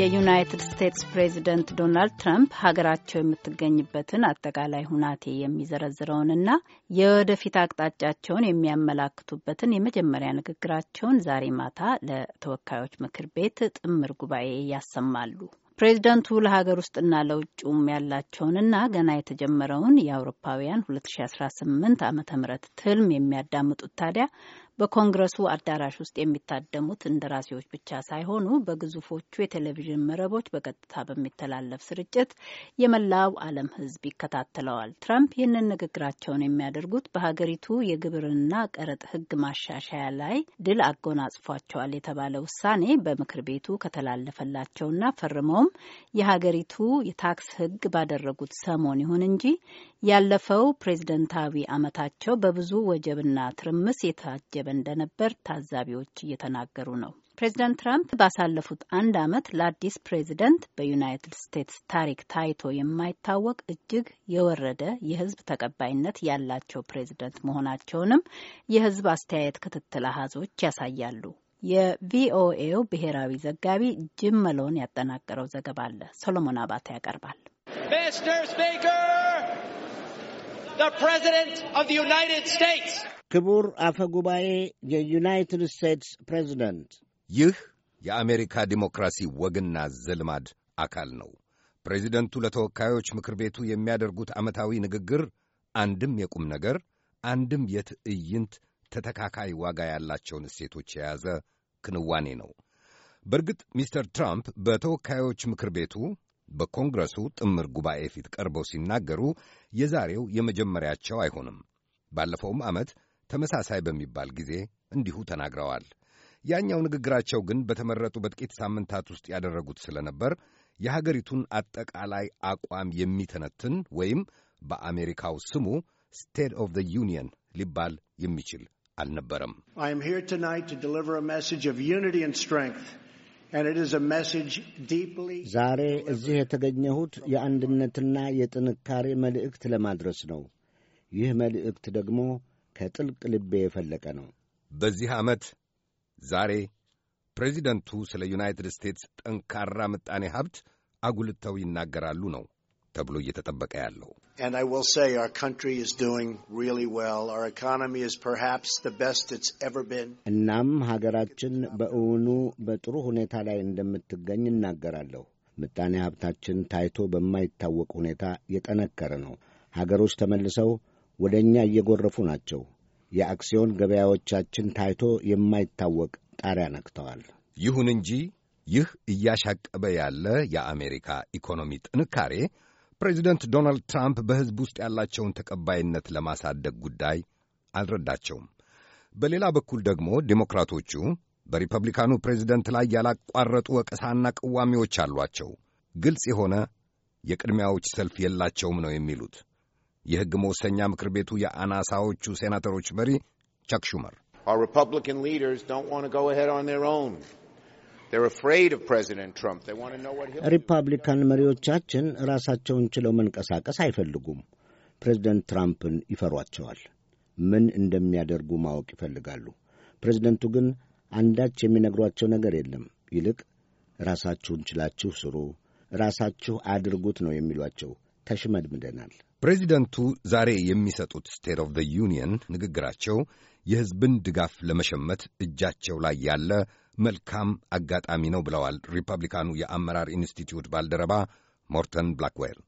የዩናይትድ ስቴትስ ፕሬዚደንት ዶናልድ ትራምፕ ሀገራቸው የምትገኝበትን አጠቃላይ ሁናቴ የሚዘረዝረውንና የወደፊት አቅጣጫቸውን የሚያመላክቱበትን የመጀመሪያ ንግግራቸውን ዛሬ ማታ ለተወካዮች ምክር ቤት ጥምር ጉባኤ ያሰማሉ። ፕሬዚደንቱ ለሀገር ውስጥና ለውጭውም ያላቸውንና ገና የተጀመረውን የአውሮፓውያን 2018 ዓ ም ትልም የሚያዳምጡት ታዲያ በኮንግረሱ አዳራሽ ውስጥ የሚታደሙት እንደራሴዎች ብቻ ሳይሆኑ በግዙፎቹ የቴሌቪዥን መረቦች በቀጥታ በሚተላለፍ ስርጭት የመላው ዓለም ሕዝብ ይከታተለዋል። ትራምፕ ይህንን ንግግራቸውን የሚያደርጉት በሀገሪቱ የግብርና ቀረጥ ሕግ ማሻሻያ ላይ ድል አጎናጽፏቸዋል የተባለ ውሳኔ በምክር ቤቱ ከተላለፈላቸውና ፈርመውም የሀገሪቱ የታክስ ሕግ ባደረጉት ሰሞን ይሁን እንጂ ያለፈው ፕሬዝደንታዊ ዓመታቸው በብዙ ወጀብና ትርምስ የታጀበ የቀረበ እንደነበር ታዛቢዎች እየተናገሩ ነው። ፕሬዚዳንት ትራምፕ ባሳለፉት አንድ ዓመት ለአዲስ ፕሬዚደንት በዩናይትድ ስቴትስ ታሪክ ታይቶ የማይታወቅ እጅግ የወረደ የሕዝብ ተቀባይነት ያላቸው ፕሬዚደንት መሆናቸውንም የሕዝብ አስተያየት ክትትል አሃዞች ያሳያሉ። የቪኦኤው ብሔራዊ ዘጋቢ ጅም መሎን ያጠናቀረው ዘገባ አለ። ሶሎሞን አባተ ያቀርባል። ሚስተር ስፒከር ክቡር አፈ ጉባኤ የዩናይትድ ስቴትስ ፕሬዚደንት፣ ይህ የአሜሪካ ዲሞክራሲ ወግና ዘልማድ አካል ነው። ፕሬዚደንቱ ለተወካዮች ምክር ቤቱ የሚያደርጉት ዓመታዊ ንግግር አንድም የቁም ነገር አንድም የትዕይንት ተተካካይ ዋጋ ያላቸውን እሴቶች የያዘ ክንዋኔ ነው። በእርግጥ ሚስተር ትራምፕ በተወካዮች ምክር ቤቱ በኮንግረሱ ጥምር ጉባኤ ፊት ቀርበው ሲናገሩ የዛሬው የመጀመሪያቸው አይሆንም። ባለፈውም ዓመት ተመሳሳይ በሚባል ጊዜ እንዲሁ ተናግረዋል። ያኛው ንግግራቸው ግን በተመረጡ በጥቂት ሳምንታት ውስጥ ያደረጉት ስለነበር የሀገሪቱን አጠቃላይ አቋም የሚተነትን ወይም በአሜሪካው ስሙ ስቴት ኦፍ ዘ ዩኒየን ሊባል የሚችል አልነበረም። ዛሬ እዚህ የተገኘሁት የአንድነትና የጥንካሬ መልእክት ለማድረስ ነው። ይህ መልእክት ደግሞ ከጥልቅ ልቤ የፈለቀ ነው። በዚህ ዓመት ዛሬ ፕሬዚደንቱ ስለ ዩናይትድ ስቴትስ ጠንካራ ምጣኔ ሀብት አጉልተው ይናገራሉ ነው ተብሎ እየተጠበቀ ያለው እናም ሀገራችን በእውኑ በጥሩ ሁኔታ ላይ እንደምትገኝ እናገራለሁ። ምጣኔ ሀብታችን ታይቶ በማይታወቅ ሁኔታ የጠነከረ ነው። ሀገሮች ተመልሰው ወደ እኛ እየጎረፉ ናቸው። የአክሲዮን ገበያዎቻችን ታይቶ የማይታወቅ ጣሪያ ነክተዋል። ይሁን እንጂ ይህ እያሻቀበ ያለ የአሜሪካ ኢኮኖሚ ጥንካሬ ፕሬዚደንት ዶናልድ ትራምፕ በሕዝብ ውስጥ ያላቸውን ተቀባይነት ለማሳደግ ጉዳይ አልረዳቸውም። በሌላ በኩል ደግሞ ዴሞክራቶቹ በሪፐብሊካኑ ፕሬዚደንት ላይ ያላቋረጡ ወቀሳና ቅዋሚዎች አሏቸው። ግልጽ የሆነ የቅድሚያዎች ሰልፍ የላቸውም ነው የሚሉት የሕግ መወሰኛ ምክር ቤቱ የአናሳዎቹ ሴናተሮች መሪ ቻክ ሹመር ሪፐብሊካን መሪዎቻችን ራሳቸውን ችለው መንቀሳቀስ አይፈልጉም። ፕሬዝደንት ትራምፕን ይፈሯቸዋል። ምን እንደሚያደርጉ ማወቅ ይፈልጋሉ። ፕሬዝደንቱ ግን አንዳች የሚነግሯቸው ነገር የለም። ይልቅ ራሳችሁን ችላችሁ ስሩ፣ ራሳችሁ አድርጉት ነው የሚሏቸው። ተሽመድምደናል። ፕሬዚደንቱ ዛሬ የሚሰጡት ስቴት ኦፍ ዘ ዩኒየን ንግግራቸው የሕዝብን ድጋፍ ለመሸመት እጃቸው ላይ ያለ መልካም አጋጣሚ ነው ብለዋል ሪፐብሊካኑ የአመራር ኢንስቲትዩት ባልደረባ ሞርተን ብላክዌል።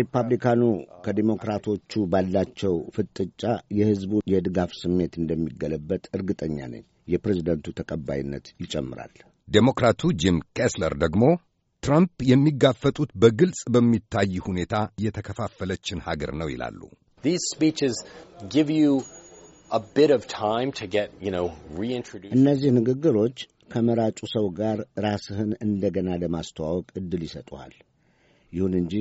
ሪፐብሊካኑ ከዲሞክራቶቹ ባላቸው ፍጥጫ የሕዝቡ የድጋፍ ስሜት እንደሚገለበጥ እርግጠኛ ነኝ። የፕሬዝደንቱ ተቀባይነት ይጨምራል። ዴሞክራቱ ጂም ኬስለር ደግሞ ትራምፕ የሚጋፈጡት በግልጽ በሚታይ ሁኔታ የተከፋፈለችን ሀገር ነው ይላሉ። እነዚህ ንግግሮች ከመራጩ ሰው ጋር ራስህን እንደገና ለማስተዋወቅ ዕድል ይሰጡሃል። ይሁን እንጂ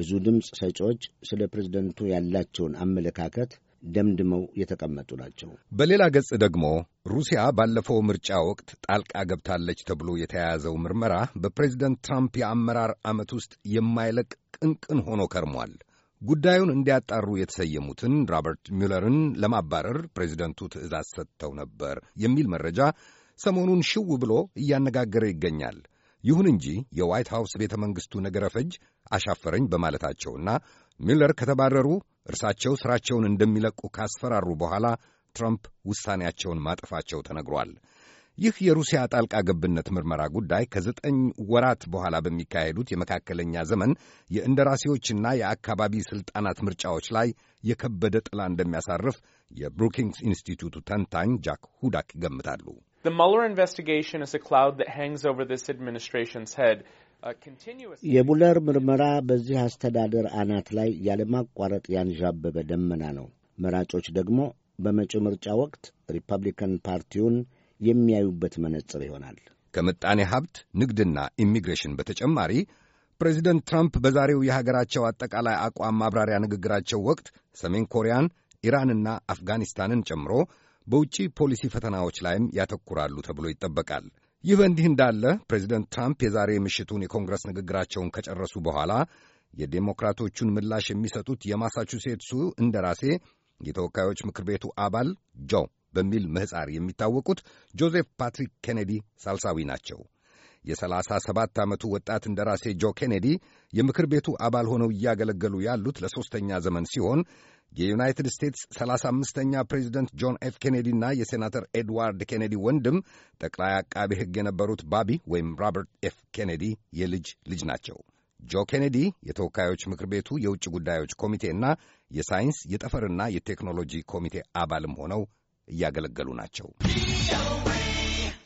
ብዙ ድምፅ ሰጪዎች ስለ ፕሬዝደንቱ ያላቸውን አመለካከት ደምድመው የተቀመጡ ናቸው። በሌላ ገጽ ደግሞ ሩሲያ ባለፈው ምርጫ ወቅት ጣልቃ ገብታለች ተብሎ የተያያዘው ምርመራ በፕሬዚደንት ትራምፕ የአመራር ዓመት ውስጥ የማይለቅ ቅንቅን ሆኖ ከርሟል። ጉዳዩን እንዲያጣሩ የተሰየሙትን ሮበርት ሚለርን ለማባረር ፕሬዚደንቱ ትዕዛዝ ሰጥተው ነበር የሚል መረጃ ሰሞኑን ሽው ብሎ እያነጋገረ ይገኛል። ይሁን እንጂ የዋይት ሃውስ ቤተ መንግሥቱ ነገረ ፈጅ አሻፈረኝ በማለታቸውና ሚለር ከተባረሩ እርሳቸው ሥራቸውን እንደሚለቁ ካስፈራሩ በኋላ ትራምፕ ውሳኔያቸውን ማጠፋቸው ተነግሯል። ይህ የሩሲያ ጣልቃ ገብነት ምርመራ ጉዳይ ከዘጠኝ ወራት በኋላ በሚካሄዱት የመካከለኛ ዘመን የእንደራሴዎችና የአካባቢ ሥልጣናት ምርጫዎች ላይ የከበደ ጥላ እንደሚያሳርፍ የብሩኪንግስ ኢንስቲትዩቱ ተንታኝ ጃክ ሁዳክ ይገምታሉ። The Mueller investigation is a cloud that hangs over this administration's head, የቡለር ምርመራ በዚህ አስተዳደር አናት ላይ ያለማቋረጥ ያንዣበበ ደመና ነው። መራጮች ደግሞ በመጪው ምርጫ ወቅት ሪፐብሊካን ፓርቲውን የሚያዩበት መነጽር ይሆናል። ከምጣኔ ሀብት ንግድና ኢሚግሬሽን በተጨማሪ ፕሬዚደንት ትራምፕ በዛሬው የሀገራቸው አጠቃላይ አቋም ማብራሪያ ንግግራቸው ወቅት ሰሜን ኮሪያን፣ ኢራንና አፍጋኒስታንን ጨምሮ በውጭ ፖሊሲ ፈተናዎች ላይም ያተኩራሉ ተብሎ ይጠበቃል። ይህ በእንዲህ እንዳለ ፕሬዚደንት ትራምፕ የዛሬ ምሽቱን የኮንግረስ ንግግራቸውን ከጨረሱ በኋላ የዴሞክራቶቹን ምላሽ የሚሰጡት የማሳቹሴትሱ እንደራሴ የተወካዮች ምክር ቤቱ አባል ጆ በሚል ምህፃር የሚታወቁት ጆዜፍ ፓትሪክ ኬኔዲ ሳልሳዊ ናቸው። የሰላሳ ሰባት ዓመቱ ወጣት እንደራሴ ጆ ኬኔዲ የምክር ቤቱ አባል ሆነው እያገለገሉ ያሉት ለሦስተኛ ዘመን ሲሆን የዩናይትድ ስቴትስ 35ኛ ፕሬዚደንት ጆን ኤፍ ኬኔዲና የሴናተር ኤድዋርድ ኬኔዲ ወንድም ጠቅላይ አቃቤ ሕግ የነበሩት ባቢ ወይም ሮበርት ኤፍ ኬኔዲ የልጅ ልጅ ናቸው። ጆ ኬኔዲ የተወካዮች ምክር ቤቱ የውጭ ጉዳዮች ኮሚቴና የሳይንስ የጠፈርና የቴክኖሎጂ ኮሚቴ አባልም ሆነው እያገለገሉ ናቸው።